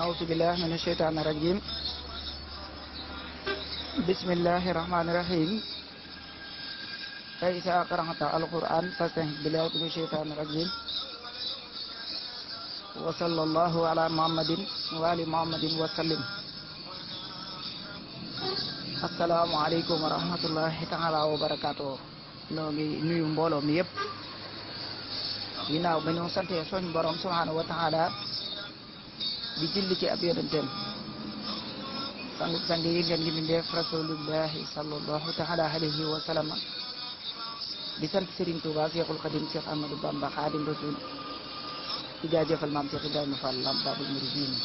أعوذ بالله من الشيطان الرجيم بسم الله الرحمن الرحيم فإذا قرأت القرآن فاستعذ بالله من الشيطان الرجيم وصلى الله على محمد وآل محمد وسلم asalaamaaleykum wa rahmatullahi taala wa barakaatu noo ngi nuyu mbooloo mi yëpp ginnaaw ba ñu santee suñ borom subhaanahu wa taala di julli ci ab yonenteem sangu sang yi ngeen ngi mbindeef rasulullahi sallallahu taala alayhi wa sallama di sant Serigne Touba Cheikhul Khadim Cheikh Ahmadou Bamba Khadim Rasul di jaajëfal maam Cheikh Ibrahima Fall Lamp Babul Mouridine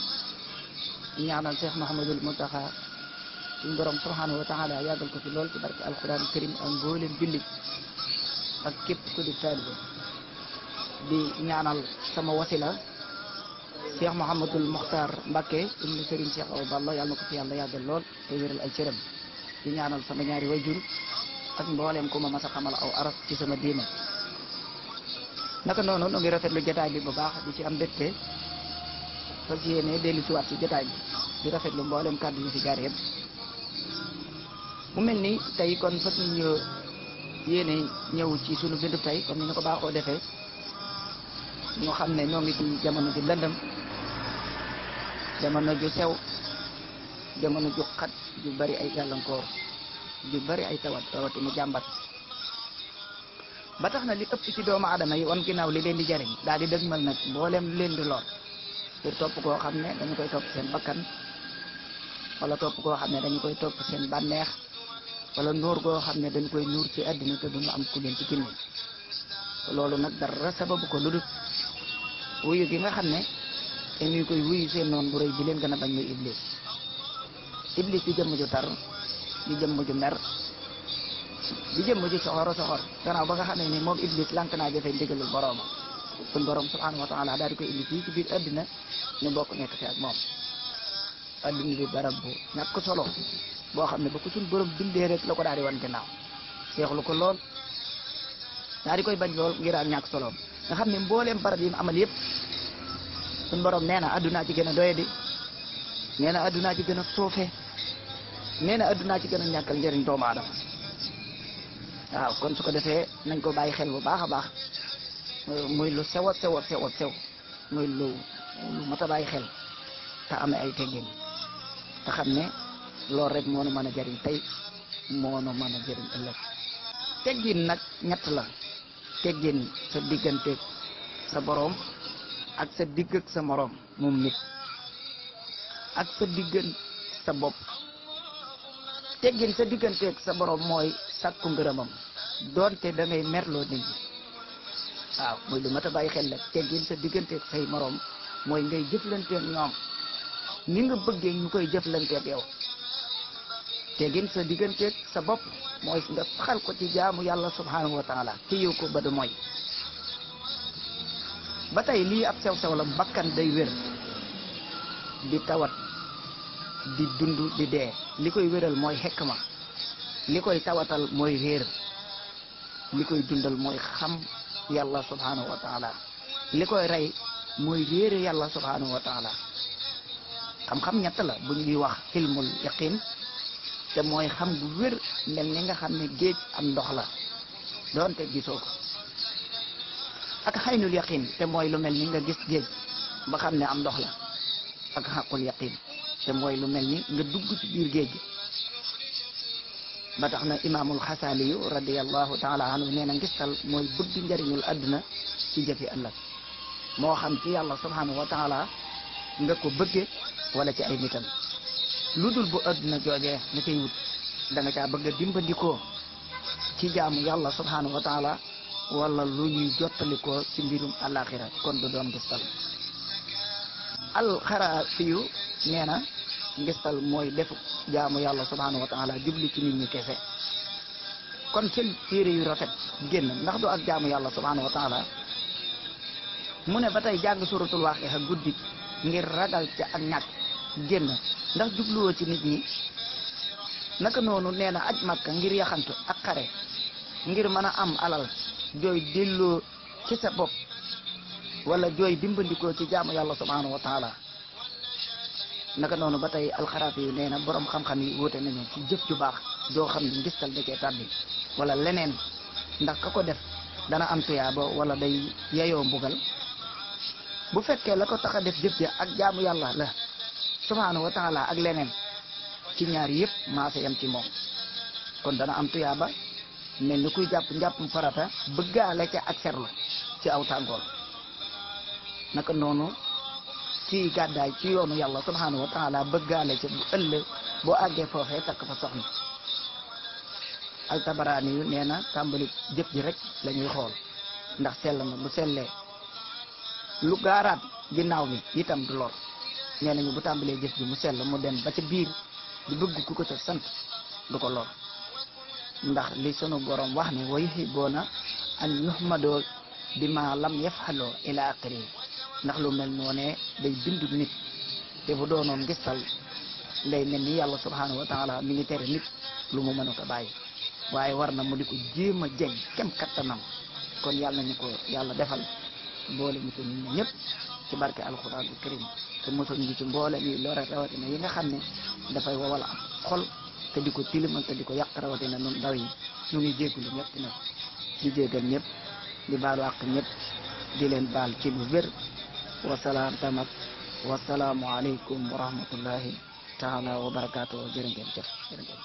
di ñaanal Cheikh Mouhamadul Mountakha suñu borom subhanahu wa taala yàggal ko fi lool ci barke alquran karim ak mboolem jullit ak képp ku di taalibe di ñaanal sama wasila cheikh Mouhamadul Mokhtar Mbacke ibnu Serigne Cheikh Awa Balla yàlla na ko fi yàlla yàggal lool te wéral ay cëram di ñaanal sama ñaari wayjur ak mbolem ko ma massa xamal aw araf ci sama diina naka nonu nu ngi rafetlu jotaay bi bu baax di ci am mbégte fas yéene dellu ci wat ci jotaay bi di rafetlu mbolem kaddu ñu fi jaar yëpp mu melni tay kon fa ñu yene ñew ci sunu bindu tay kon ni ñu ko baaxo defee ñoo xam ne ñoo ngi ci jamono ji lëndëm jamono ju sew jamono ju xat ju bari ay gàllankoor ju bari ay tawat tawati mu jàmbat ba tax na li ëpp ci doomu adama yi wan ginnaaw li leen di jariñ daal di dëgmal nag mboolem lu leen di lor ngir topp koo xam ne dañu koy topp seen bakkan wala topp koo xam ne dañu koy topp seen bànneex wala nuur goo xam ne dañ koy nuur ci àddina te duñu am ku leen ci gindi loolu nag dara sababu ko lu wuyu gi nga xam ne dañuy koy wuyu seen noon bu rëy bi leen gën a bañ muy iblis iblis di jëmm ju tar di jëmm ju mer di jëmm ju soxor soxor gannaaw ba nga xam ne moom iblis lànk naa jëfe ndigalul borooma suñ boroom subhanahu wa taala daal di koy indi fii ci biir àddina ñu bokk nekk fi ak moom àddina bi barab bu ñàkk solo boo xam ne ba ku suñ borom bindee rek la ko daal di wan gannaaw seexlu ko lool daal di koy bañ lool ngir ak ñàkk soloom nga xam ne mbooleem barab yi mu amal yëpp suñ borom nee na addunaa ci gën a doye di nee na addunaa ci gën a suufe nee na addunaa ci gën a ñàkkal njëriñ doomu aadama waaw kon su ko defee nañ ko bàyyi xel bu baax a baax muy lu sew a sew a sew muy lu lu mat xel te amee ay teggin te xam ne loolu rek moo nu mën a jëriñ tey moo nu mën a jëriñ teggin nag ñett la teggin sa digganteeg sa boroom ak sa digg sa moroom moom nit ak sa diggan sa bopp teggin sa digganteek sa boroom mooy sàkku ngërëmam doonte da merloo nit ñi waaw mooy lu mat a bàyyi xel la teggin sa digganteeg say moroom mooy ngay jëflanteeg ñoom ni nga bëggee ñu koy jëflanteeg yow tegin sa digganteeg sa bopp mooy nga saxal ko ci jaamu yàlla subhanahu wa taala téyew ko ba du mooy ba tey lii ab sew-sew la bakkan day wér di tawat di dund di dee li koy wéral mooy xekma li koy tawatal mooy réer li koy dundal mooy xam yàlla subhanahu wa li koy rey mooy réere yàlla subhanahu wa taala xam-xam ñett la bu ñuy wax ilmul yaqin te mooy xam gu wér mel ni nga xam ne géej am ndox la doonte gisoo ko ak xaynul yaqin te mooy lu mel ni nga gis géej ba xam ne am ndox la ak xaqul yaqin lu mel ni nga dugg ci biir géej gi ba tax na imaamul xasaali yu radiallahu taala anhu nee na ngistal mooy bëgg njariñul àddina ci jëfi ëllëg moo xam ci yàlla subhanahu wa taala nga ko bëgge wala ci ay nitam lu dul bu adduna joojee mu koy wut caa bëgg a dimbandikoo ci jaamu yàlla subhaanahu wa walla lu ñuy jottalikoo ci mbirum alaxira kon du doon ngistal alxara fiyu nee na ngistal mooy def jaamu yàlla subhaanahu wa taala jubli ci nit ñi kese kon ci téere yu rafet génn ndax du ak jaamu yàlla subhaanahu wa mu ne ba tey jàng suratul waaqi'a guddi ngir ragal ci ak ñàkk génn ndax jubluwoo ci nit ñi naka noonu nee na aj màkka ngir yaxantu ak xare ngir mën a am alal jooy delloo ci sa bopp walla jooy dimbandikoo ci jaamu yàlla subhaanahu wa naka noonu ba tey alxaraat yi nee na boroom xam-xam yi wute nañu ci jëf ju baax joo xam ne ngistal da cee tàbbi wala leneen ndax ka ko def dana am tuyaaba wala day yeyoo mbugal bu fekkee la ko tax a def jëf ja ak jaamu yàlla la subhaanahu wa taala ak leneen ci ñaar yëpp maasa yam ci moom kon dana am tuyaaba mel ni kuy jàpp njàppum farata bëggaale ca ak serlu ci aw tàngoor naka noonu ci gàddaay ci yoonu yàlla subhaanahu wa taala bëggaale ca bu ëllëg boo àggee foofee takk fa soxna altabaraani yu nee na tàmbali jëf ji rek lañuy xool ndax sell na bu sellee lu gaaraat ginnaaw bi itam du lor nee nañu bu tàmbalee jëf ji mu sell mu dem ba ca biir di bëgg ku ko ca sant du ko lool ndax li sunu borom wax ni ne wa yuhibuuna an yuhmadoo bi ma lam yafaloo ila aqri ndax lu mel noo ne day bindu nit te bu doonoon ngistal day mel ni yàlla subhanahu wa taala mi ngi nit lu mu mënut a bàyyi waaye war na mu di ko jéem a jeñ kem kattanam kon yàlla ñu ko yàlla defal boole ñu ko ñun ñëpp ci barke alxuraanul karim te mosal ñu ci mboolem yi lore rawatina yi nga xam ne dafay wowal ab xol te di ko tilimal te di ko yàq rawatina ñun ndaw yi ñu ngi jégalu ñëpp nag di jégal ñëpp ñépp baalu àq ñëpp di leen baal ci bu wér wasalaam tamat wasalaamualeykum wa rahmatullahi taala wa barakaatu jërë ngeen jëf jërë ngeen